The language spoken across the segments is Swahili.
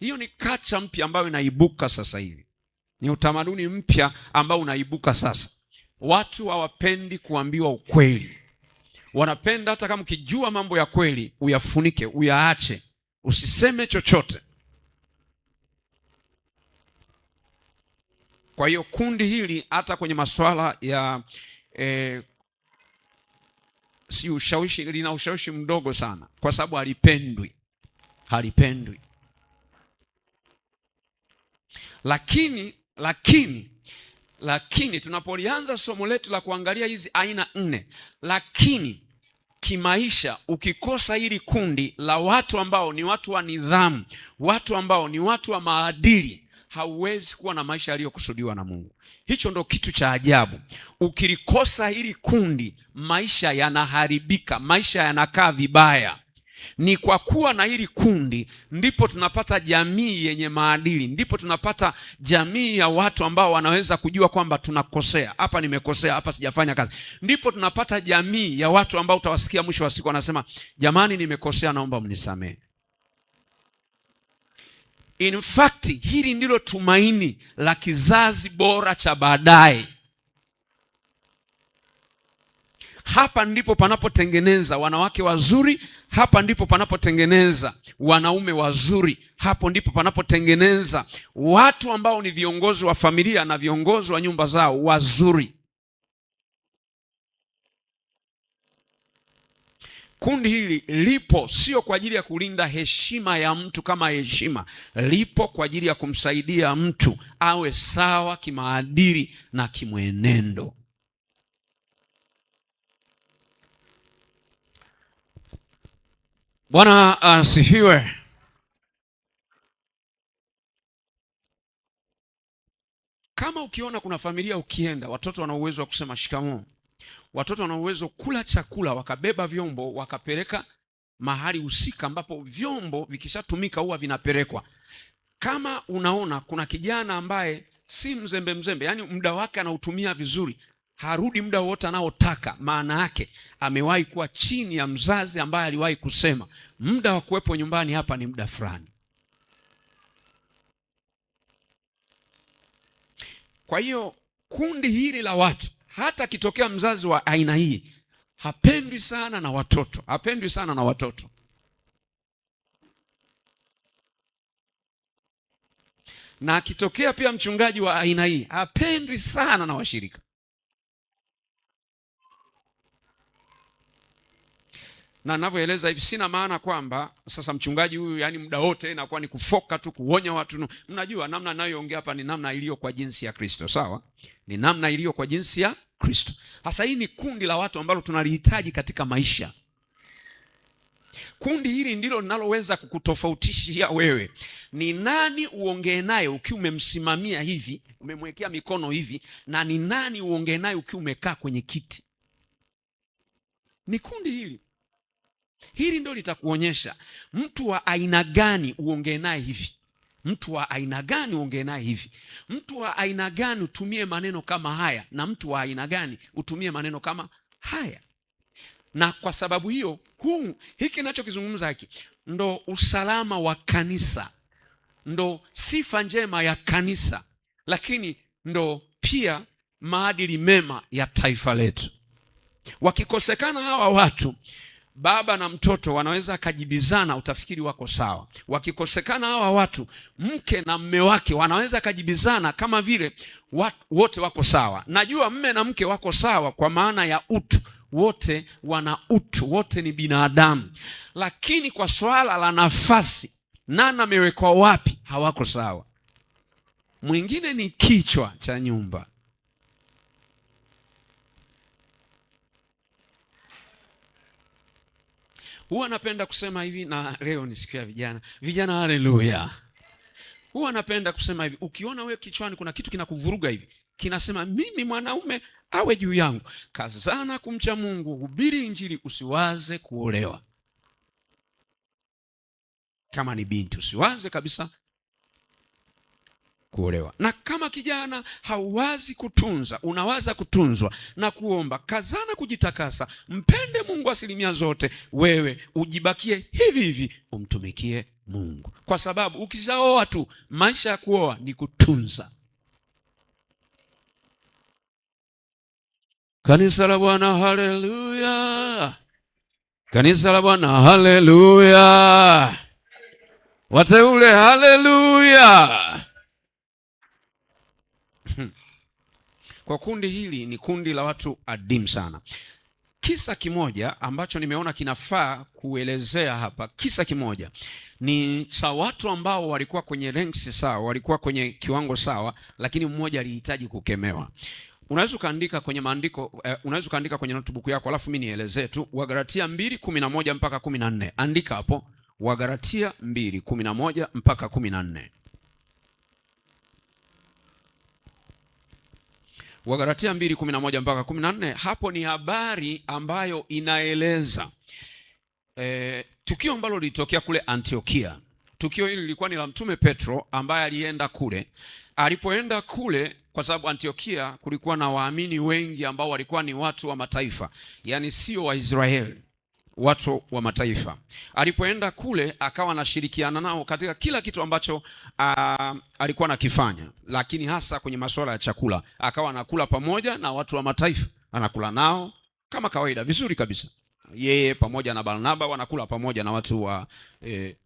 Hiyo ni kacha mpya ambayo inaibuka sasa hivi, ni utamaduni mpya ambao unaibuka sasa. Watu hawapendi kuambiwa ukweli, wanapenda hata kama ukijua mambo ya kweli uyafunike, uyaache, usiseme chochote. Kwa hiyo kundi hili hata kwenye masuala ya eh, si ushawishi, lina ushawishi mdogo sana, kwa sababu halipendwi, halipendwi. Lakini lakini lakini tunapolianza somo letu la kuangalia hizi aina nne, lakini kimaisha, ukikosa hili kundi la watu ambao ni watu wa nidhamu, watu ambao ni watu wa maadili hauwezi kuwa na maisha yaliyokusudiwa na Mungu. Hicho ndo kitu cha ajabu. Ukilikosa hili kundi, maisha yanaharibika, maisha yanakaa vibaya. Ni kwa kuwa na hili kundi ndipo tunapata jamii yenye maadili, ndipo tunapata jamii ya watu ambao wanaweza kujua kwamba tunakosea hapa, nimekosea hapa, sijafanya kazi. Ndipo tunapata jamii ya watu ambao utawasikia mwisho wa siku wanasema, jamani, nimekosea, naomba mnisamehe. In fact, hili ndilo tumaini la kizazi bora cha baadaye. Hapa ndipo panapotengeneza wanawake wazuri, hapa ndipo panapotengeneza wanaume wazuri, hapo ndipo panapotengeneza watu ambao ni viongozi wa familia na viongozi wa nyumba zao wazuri. Kundi hili lipo sio kwa ajili ya kulinda heshima ya mtu kama heshima, lipo kwa ajili ya kumsaidia mtu awe sawa kimaadili na kimwenendo. Bwana asifiwe. kama ukiona kuna familia ukienda, watoto wana uwezo wa kusema shikamoo, watoto wana uwezo kula chakula, wakabeba vyombo wakapeleka mahali husika ambapo vyombo vikishatumika huwa vinapelekwa. Kama unaona kuna kijana ambaye si mzembe mzembe, yani muda wake anautumia vizuri, harudi muda wowote anaotaka. Maana yake amewahi kuwa chini ya mzazi ambaye aliwahi kusema muda wa kuwepo nyumbani hapa ni muda fulani. Kwa hiyo kundi hili la watu, hata akitokea mzazi wa aina hii hapendwi sana na watoto, hapendwi sana na watoto. Na akitokea pia mchungaji wa aina hii hapendwi sana na washirika. na ninavyoeleza hivi, sina maana kwamba sasa mchungaji huyu yani muda wote inakuwa ni kufoka tu kuonya watu. Mnajua namna ninayoongea hapa ni namna iliyo kwa jinsi ya Kristo, sawa? Ni namna iliyo kwa jinsi ya Kristo. Sasa hii ni kundi la watu ambalo tunalihitaji katika maisha. Kundi hili ndilo linaloweza kukutofautishia wewe ni nani uongee naye ukiwa umemsimamia hivi, umemwekea mikono hivi, na ni nani uongee naye ukiwa umekaa kwenye kiti. Ni kundi hili Hili ndo litakuonyesha mtu wa aina gani uongee naye hivi, mtu wa aina gani uongee naye hivi, mtu wa aina gani utumie maneno kama haya, na mtu wa aina gani utumie maneno kama haya. Na kwa sababu hiyo, huu hiki nachokizungumza hiki ndo usalama wa kanisa, ndo sifa njema ya kanisa, lakini ndo pia maadili mema ya taifa letu. Wakikosekana hawa watu baba na mtoto wanaweza akajibizana, utafikiri wako sawa. Wakikosekana hawa watu, mke na mme wake wanaweza akajibizana kama vile wote wako sawa. Najua mme na mke wako sawa kwa maana ya utu, wote wana utu, wote ni binadamu, lakini kwa swala la nafasi, nani amewekwa wapi, hawako sawa. Mwingine ni kichwa cha nyumba Huwa napenda kusema hivi, na leo ni siku ya vijana. Vijana, haleluya! Huwa napenda kusema hivi, ukiona wewe kichwani kuna kitu kinakuvuruga hivi, kinasema mimi mwanaume awe juu yangu, kazana kumcha Mungu, hubiri Injili, usiwaze kuolewa. Kama ni binti, usiwaze kabisa kuolewa. Na kama kijana hauwazi kutunza, unawaza kutunzwa na kuomba, kazana kujitakasa, mpende Mungu asilimia zote, wewe ujibakie hivi hivi, umtumikie Mungu, kwa sababu ukishaoa tu, maisha ya kuoa ni kutunza. Kanisa la Bwana, haleluya! Kanisa la Bwana, haleluya! Wateule, haleluya! Kwa kundi hili ni kundi la watu adimu sana. Kisa kimoja ambacho nimeona kinafaa kuelezea hapa, kisa kimoja ni cha watu ambao walikuwa kwenye ranks sawa, walikuwa kwenye kiwango sawa, lakini mmoja alihitaji kukemewa. Unaweza ukaandika kwenye maandiko eh, unaweza ukaandika kwenye notebook yako, alafu mimi nielezee tu Wagalatia 2:11 mpaka 14. Andika hapo Wagalatia 2:11 mpaka 14. Wagalatia 2:11 mpaka 14. Hapo ni habari ambayo inaeleza e, tukio ambalo lilitokea kule Antiokia. Tukio hili lilikuwa ni la mtume Petro ambaye alienda kule. Alipoenda kule, kwa sababu Antiokia kulikuwa na waamini wengi ambao walikuwa ni watu wa mataifa, yaani sio Waisraeli watu wa mataifa. Alipoenda kule akawa anashirikiana nao katika kila kitu ambacho a, alikuwa anakifanya, lakini hasa kwenye masuala ya chakula akawa anakula pamoja na watu wa mataifa, anakula nao kama kawaida vizuri kabisa. Yeye pamoja na Barnaba wanakula pamoja na watu wa e,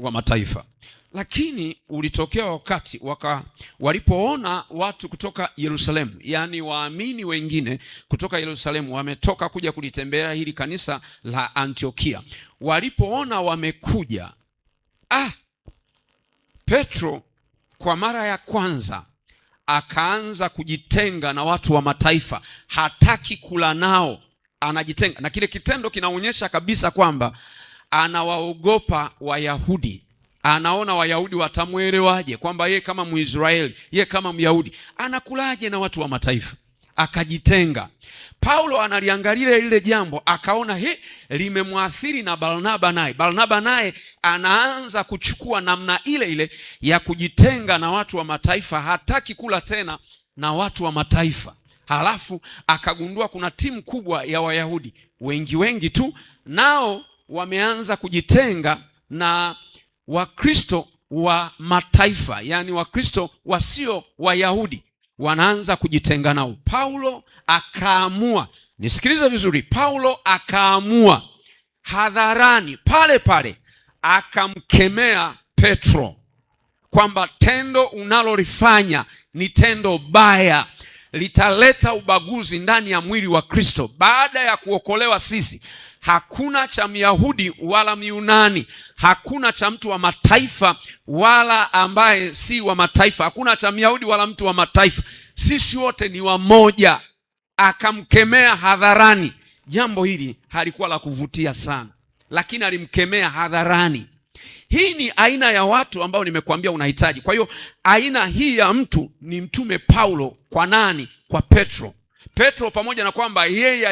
wa mataifa. Lakini ulitokea wakati waka, walipoona watu kutoka Yerusalemu, yaani waamini wengine kutoka Yerusalemu wametoka kuja kulitembea hili kanisa la Antiokia. Walipoona wamekuja, ah, Petro kwa mara ya kwanza akaanza kujitenga na watu wa mataifa, hataki kula nao, anajitenga na kile kitendo kinaonyesha kabisa kwamba anawaogopa Wayahudi, anaona Wayahudi watamwelewaje, kwamba ye kama Mwisraeli, ye kama Myahudi anakulaje na watu wa mataifa, akajitenga. Paulo analiangalia lile jambo akaona he, limemwathiri na Barnaba naye. Barnaba naye anaanza kuchukua namna ile ile ya kujitenga na watu wa mataifa, hataki kula tena na watu wa mataifa. Halafu akagundua kuna timu kubwa ya Wayahudi wengi wengi tu nao wameanza kujitenga na Wakristo wa mataifa, yaani Wakristo wasio Wayahudi wanaanza kujitenga nao. Paulo akaamua, nisikilize vizuri, Paulo akaamua hadharani pale pale akamkemea Petro kwamba tendo unalolifanya ni tendo baya, litaleta ubaguzi ndani ya mwili wa Kristo. Baada ya kuokolewa sisi hakuna cha Myahudi wala Myunani, hakuna cha mtu wa mataifa wala ambaye si wa mataifa, hakuna cha Myahudi wala mtu wa mataifa, sisi wote ni wamoja. Akamkemea hadharani. Jambo hili halikuwa la kuvutia sana, lakini alimkemea hadharani. Hii ni aina ya watu ambao nimekuambia unahitaji. Kwa hiyo aina hii ya mtu ni mtume Paulo kwa nani? Kwa Petro. Petro pamoja na kwamba yeye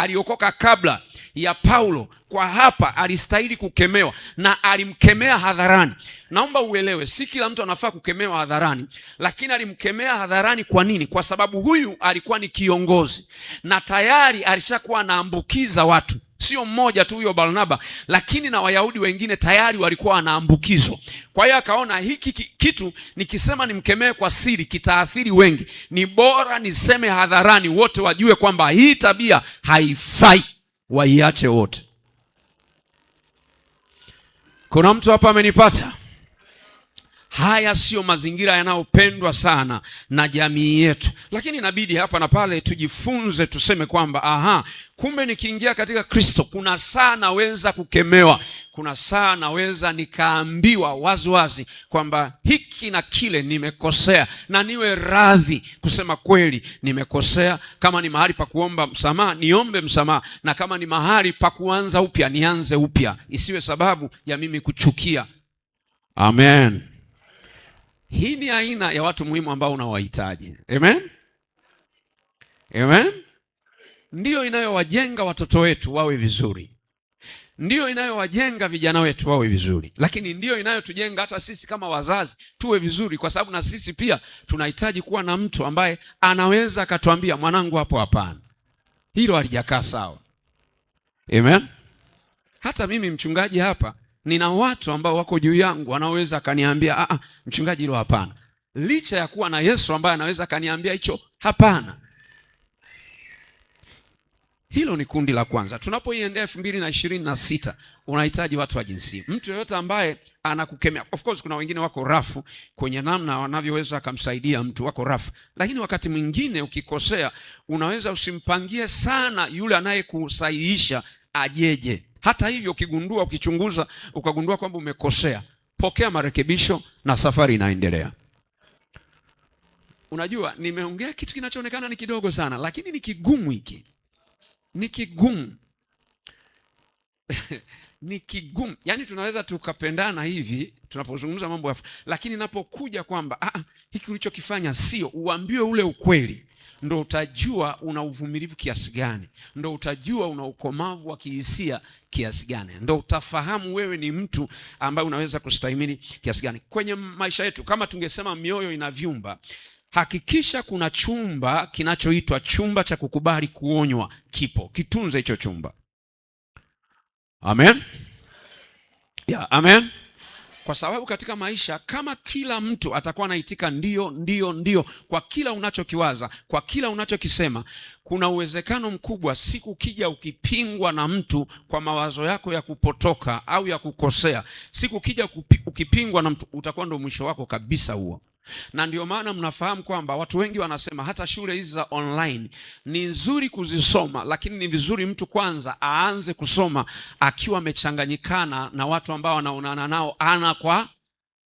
aliokoka kabla ya Paulo kwa hapa alistahili kukemewa na alimkemea hadharani. Naomba uelewe, si kila mtu anafaa kukemewa hadharani, lakini alimkemea hadharani. Kwa nini? Kwa sababu huyu alikuwa ni kiongozi na tayari alishakuwa anaambukiza watu sio mmoja tu huyo Barnaba, lakini na Wayahudi wengine tayari walikuwa wanaambukizwa. Kwa hiyo akaona hiki kitu nikisema nimkemee kwa siri kitaathiri wengi, ni bora niseme hadharani, wote wajue kwamba hii tabia haifai waiache wote. Kuna mtu hapa amenipata? Haya siyo mazingira yanayopendwa sana na jamii yetu, lakini inabidi hapa na pale tujifunze, tuseme kwamba aha, kumbe nikiingia katika Kristo kuna saa naweza kukemewa, kuna saa naweza nikaambiwa waziwazi kwamba hiki na kile nimekosea, na niwe radhi kusema kweli nimekosea. Kama ni mahali pa kuomba msamaha, niombe msamaha, na kama ni mahali pa kuanza upya, nianze upya, isiwe sababu ya mimi kuchukia. Amen. Hii ni aina ya watu muhimu ambao unawahitaji. Amen, amen. Ndiyo inayowajenga watoto wetu wawe vizuri, ndiyo inayowajenga vijana wetu wawe vizuri, lakini ndiyo inayotujenga hata sisi kama wazazi tuwe vizuri, kwa sababu na sisi pia tunahitaji kuwa na mtu ambaye anaweza akatuambia, mwanangu, hapo hapana, hilo halijakaa sawa. Amen. Hata mimi mchungaji hapa nina watu ambao wako juu yangu wanaoweza akaniambia ah, ah, mchungaji, hilo hapana, licha ya kuwa na Yesu ambaye anaweza akaniambia hicho hapana. Hilo ni kundi la kwanza. Tunapoiendea elfu mbili na ishirini na sita unahitaji watu wa jinsia, mtu yoyote ambaye anakukemea. Of course kuna wengine wako rafu kwenye namna wanavyoweza akamsaidia mtu, wako rafu, lakini wakati mwingine ukikosea, unaweza usimpangie sana yule anayekusahihisha ajeje hata hivyo, ukigundua, ukichunguza, ukagundua kwamba umekosea, pokea marekebisho na safari inaendelea. Unajua, nimeongea kitu kinachoonekana ni kidogo sana, lakini ni kigumu. Hiki ni kigumu ni kigumu. Yani tunaweza tukapendana hivi tunapozungumza mambo ya, lakini napokuja kwamba ah, ah, hiki ulichokifanya sio, uambiwe ule ukweli ndo utajua una uvumilivu kiasi gani, ndo utajua una ukomavu wa kihisia kiasi gani, ndo utafahamu wewe ni mtu ambaye unaweza kustahimili kiasi gani kwenye maisha yetu. Kama tungesema mioyo ina vyumba, hakikisha kuna chumba kinachoitwa chumba cha kukubali kuonywa kipo, kitunze hicho chumba. Amen, yeah, amen kwa sababu katika maisha kama kila mtu atakuwa anaitika ndio, ndio, ndio kwa kila unachokiwaza, kwa kila unachokisema, kuna uwezekano mkubwa siku kija ukipingwa na mtu kwa mawazo yako ya kupotoka au ya kukosea, siku kija ukipingwa na mtu utakuwa ndo mwisho wako kabisa huo na ndio maana mnafahamu kwamba watu wengi wanasema hata shule hizi za online ni nzuri kuzisoma, lakini ni vizuri mtu kwanza aanze kusoma akiwa amechanganyikana na watu ambao anaonana nao ana kwa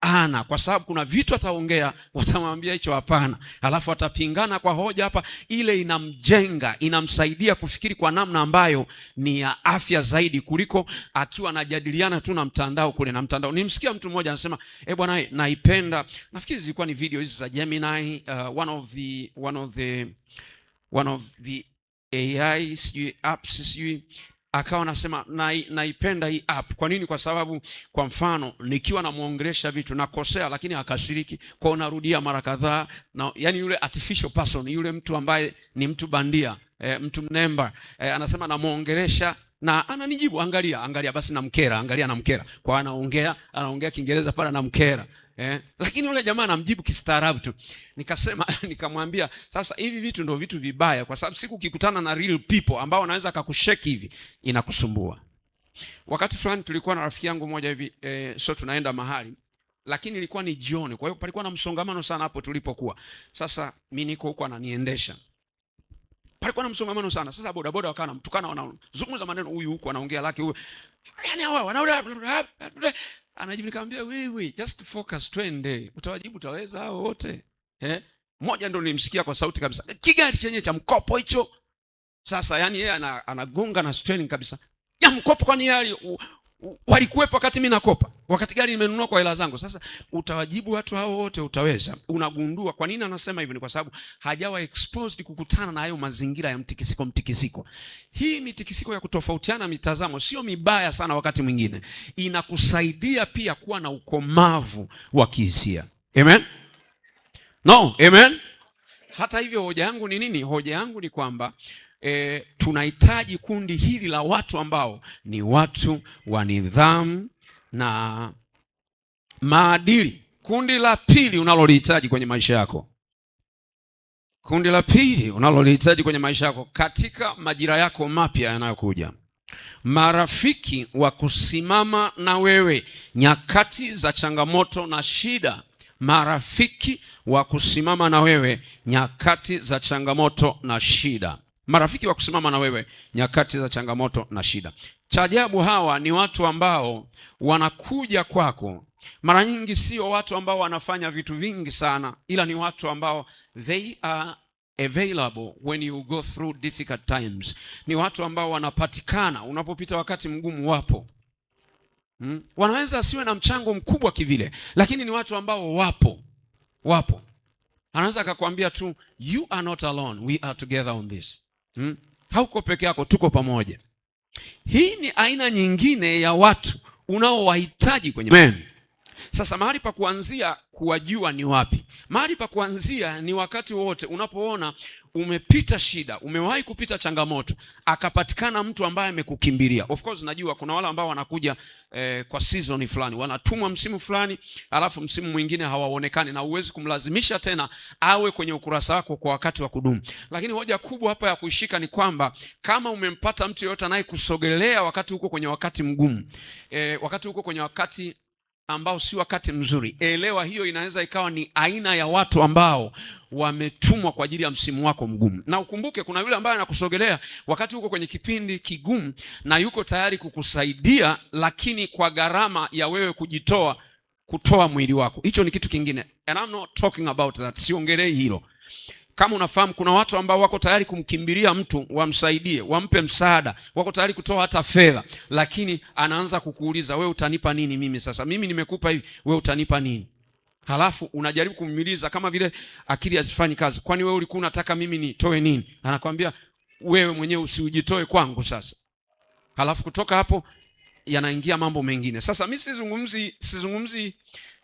ana, kwa sababu kuna vitu ataongea watamwambia hicho hapana, alafu atapingana kwa hoja hapa. Ile inamjenga inamsaidia kufikiri kwa namna ambayo ni ya afya zaidi kuliko akiwa anajadiliana tu na mtandao kule na mtandao. Nimsikia mtu mmoja anasema eh, bwana, naipenda. Nafikiri zilikuwa ni video hizi za Gemini, uh, one of the one of the one of the AI sijui apps sijui akawa anasema naipenda hii app. Kwa nini? Kwa sababu kwa mfano nikiwa namwongelesha vitu nakosea, lakini akasiriki kwa unarudia mara kadhaa, na yani yule artificial person, yule mtu ambaye ni mtu bandia e, mtu mnemba e, anasema namwongelesha na ananijibu, angalia angalia, basi namkera, angalia namkera, kwa anaongea anaongea Kiingereza pale namkera Eh, lakini yule jamaa anamjibu kistaarabu tu. Nikasema nikamwambia, sasa hivi vitu ndio vitu vibaya, kwa sababu siku ukikutana na real people ambao anaweza akakusheki hivi inakusumbua. Wakati fulani tulikuwa na rafiki yangu moja hivi eh, so tunaenda mahali lakini ilikuwa ni jioni, kwa hiyo palikuwa na msongamano sana hapo tulipokuwa. Sasa mimi niko huko ananiendesha, palikuwa na msongamano sana. Sasa bodaboda wakawa namtukana, wanazungumza maneno, huyu huku anaongea lake, huyu yani hawa wanaona anajibu, nikamwambia wewe, just focus, twende. Utawajibu utaweza hao wote eh? Mmoja ndo nimsikia kwa sauti kabisa, kigari chenye cha mkopo hicho. Sasa yani yeye anagonga na strain kabisa ya mkopo, kwani yale walikuwepo wakati mi nakopa, wakati gari nimenunua kwa hela zangu. Sasa utawajibu watu hao wote? Utaweza? Unagundua kwa nini anasema hivyo? Ni kwa sababu hajawa exposed kukutana na hayo mazingira ya mtikisiko. Mtikisiko hii mitikisiko ya kutofautiana mitazamo sio mibaya sana, wakati mwingine inakusaidia pia kuwa na ukomavu wa kihisia. Amen, no amen. Hata hivyo, hoja yangu ni nini? Hoja yangu ni kwamba e, tunahitaji kundi hili la watu ambao ni watu wa nidhamu na maadili. Kundi la pili unalolihitaji kwenye maisha yako, kundi la pili unalolihitaji kwenye maisha yako katika majira yako mapya yanayokuja marafiki wa kusimama na wewe nyakati za changamoto na shida, marafiki wa kusimama na wewe nyakati za changamoto na shida marafiki wa kusimama na wewe nyakati za changamoto na shida. Cha ajabu, hawa ni watu ambao wanakuja kwako mara nyingi, sio watu ambao wanafanya vitu vingi sana, ila ni watu ambao they are available when you go through difficult times. Ni watu ambao wanapatikana unapopita wakati mgumu, wapo hmm? Wanaweza asiwe na mchango mkubwa kivile, lakini ni watu ambao wapo, wapo anaweza akakwambia tu you are not alone, we are together on this hmm? Hauko peke yako, tuko pamoja. Hii ni aina nyingine ya watu unaowahitaji kwenye sasa mahali pa kuanzia kuwajua ni wapi? Mahali pa kuanzia ni wakati wote unapoona umepita shida, umewahi kupita changamoto, akapatikana mtu ambaye amekukimbilia. Of course najua kuna wale ambao wanakuja eh, kwa season fulani, wanatumwa msimu fulani, alafu msimu mwingine hawaonekani na huwezi kumlazimisha tena awe kwenye ukurasa wako kwa wakati wa kudumu. Lakini hoja kubwa hapa ya kuishika ni kwamba kama umempata mtu yeyote anayekusogelea wakati huko kwenye wakati mgumu, eh, wakati huko kwenye wakati ambao si wakati mzuri. Elewa hiyo inaweza ikawa ni aina ya watu ambao wametumwa kwa ajili ya msimu wako mgumu, na ukumbuke kuna yule ambaye anakusogelea wakati uko kwenye kipindi kigumu na yuko tayari kukusaidia, lakini kwa gharama ya wewe kujitoa, kutoa mwili wako. Hicho ni kitu kingine, and I'm not talking about that, siongelei hilo kama unafahamu kuna watu ambao wako tayari kumkimbilia mtu wamsaidie, wampe msaada, wako tayari kutoa hata fedha, lakini anaanza kukuuliza we utanipa nini mimi sasa? Mimi nimekupa hivi, we utanipa nini? Halafu unajaribu kumuuliza kama vile akili hazifanyi kazi. Kwani wewe ulikuwa unataka mimi nitoe nini? Anakwambia wewe mwenyewe usijitoe kwangu sasa. Halafu kutoka hapo yanaingia mambo mengine. Sasa mimi sizungumzi sizungumzi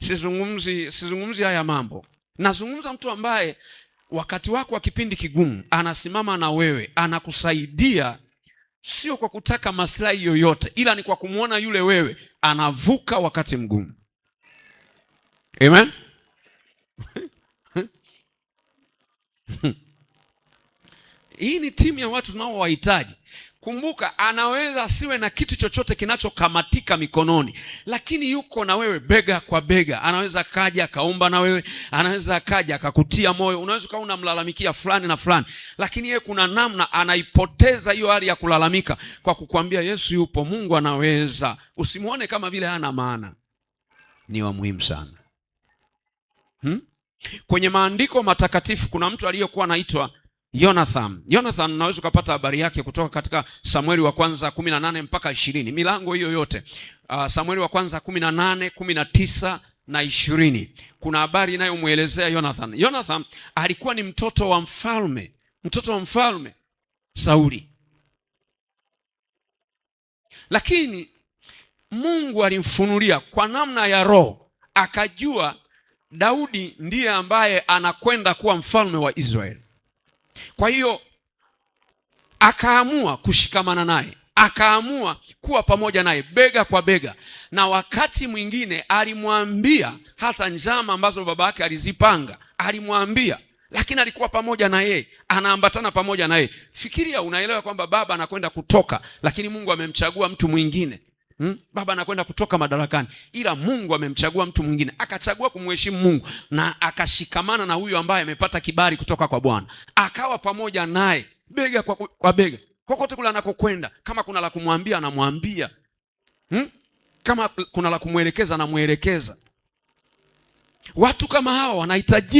sizungumzi sizungumzi haya mambo. Nazungumza mtu ambaye wakati wako wa kipindi kigumu anasimama na wewe, anakusaidia, sio kwa kutaka maslahi yoyote, ila ni kwa kumwona yule wewe anavuka wakati mgumu. Amen. Hii ni timu ya watu tunaowahitaji. Kumbuka, anaweza asiwe na kitu chochote kinachokamatika mikononi, lakini yuko na wewe bega kwa bega. Anaweza akaja akaomba na wewe, anaweza akaja akakutia moyo. Unaweza ukawa unamlalamikia fulani na fulani, lakini yeye kuna namna anaipoteza hiyo hali ya kulalamika kwa kukwambia Yesu yupo, Mungu anaweza. usimuone kama vile hana maana, ni wa muhimu sana hmm? Kwenye maandiko matakatifu kuna mtu aliyekuwa anaitwa Jonathan. Jonathan unaweza ukapata habari yake kutoka katika Samueli wa kwanza kumi na nane mpaka ishirini milango hiyo yote uh, Samueli wa kwanza kumi na nane kumi na tisa na ishirini kuna habari inayomwelezea Jonathan. Jonathan alikuwa ni mtoto wa mfalme, mtoto wa mfalme Sauli, lakini Mungu alimfunulia kwa namna ya roho, akajua Daudi ndiye ambaye anakwenda kuwa mfalme wa Israeli. Kwa hiyo akaamua kushikamana naye, akaamua kuwa pamoja naye bega kwa bega, na wakati mwingine alimwambia hata njama ambazo baba yake alizipanga, alimwambia lakini alikuwa pamoja na yeye, anaambatana pamoja na yeye. Fikiria, unaelewa kwamba baba anakwenda kutoka, lakini Mungu amemchagua mtu mwingine hmm? Baba anakwenda kutoka madarakani, ila Mungu amemchagua mtu mwingine, akachagua kumheshimu Mungu na akashikamana na huyo ambaye amepata kibali kutoka kwa Bwana, akawa pamoja naye bega kwa, kwa bega kokote kule anakokwenda. Kama kuna la kumwambia anamwambia, hmm? Kama kuna la kumwelekeza anamwelekeza. Watu kama hawa wanahitaji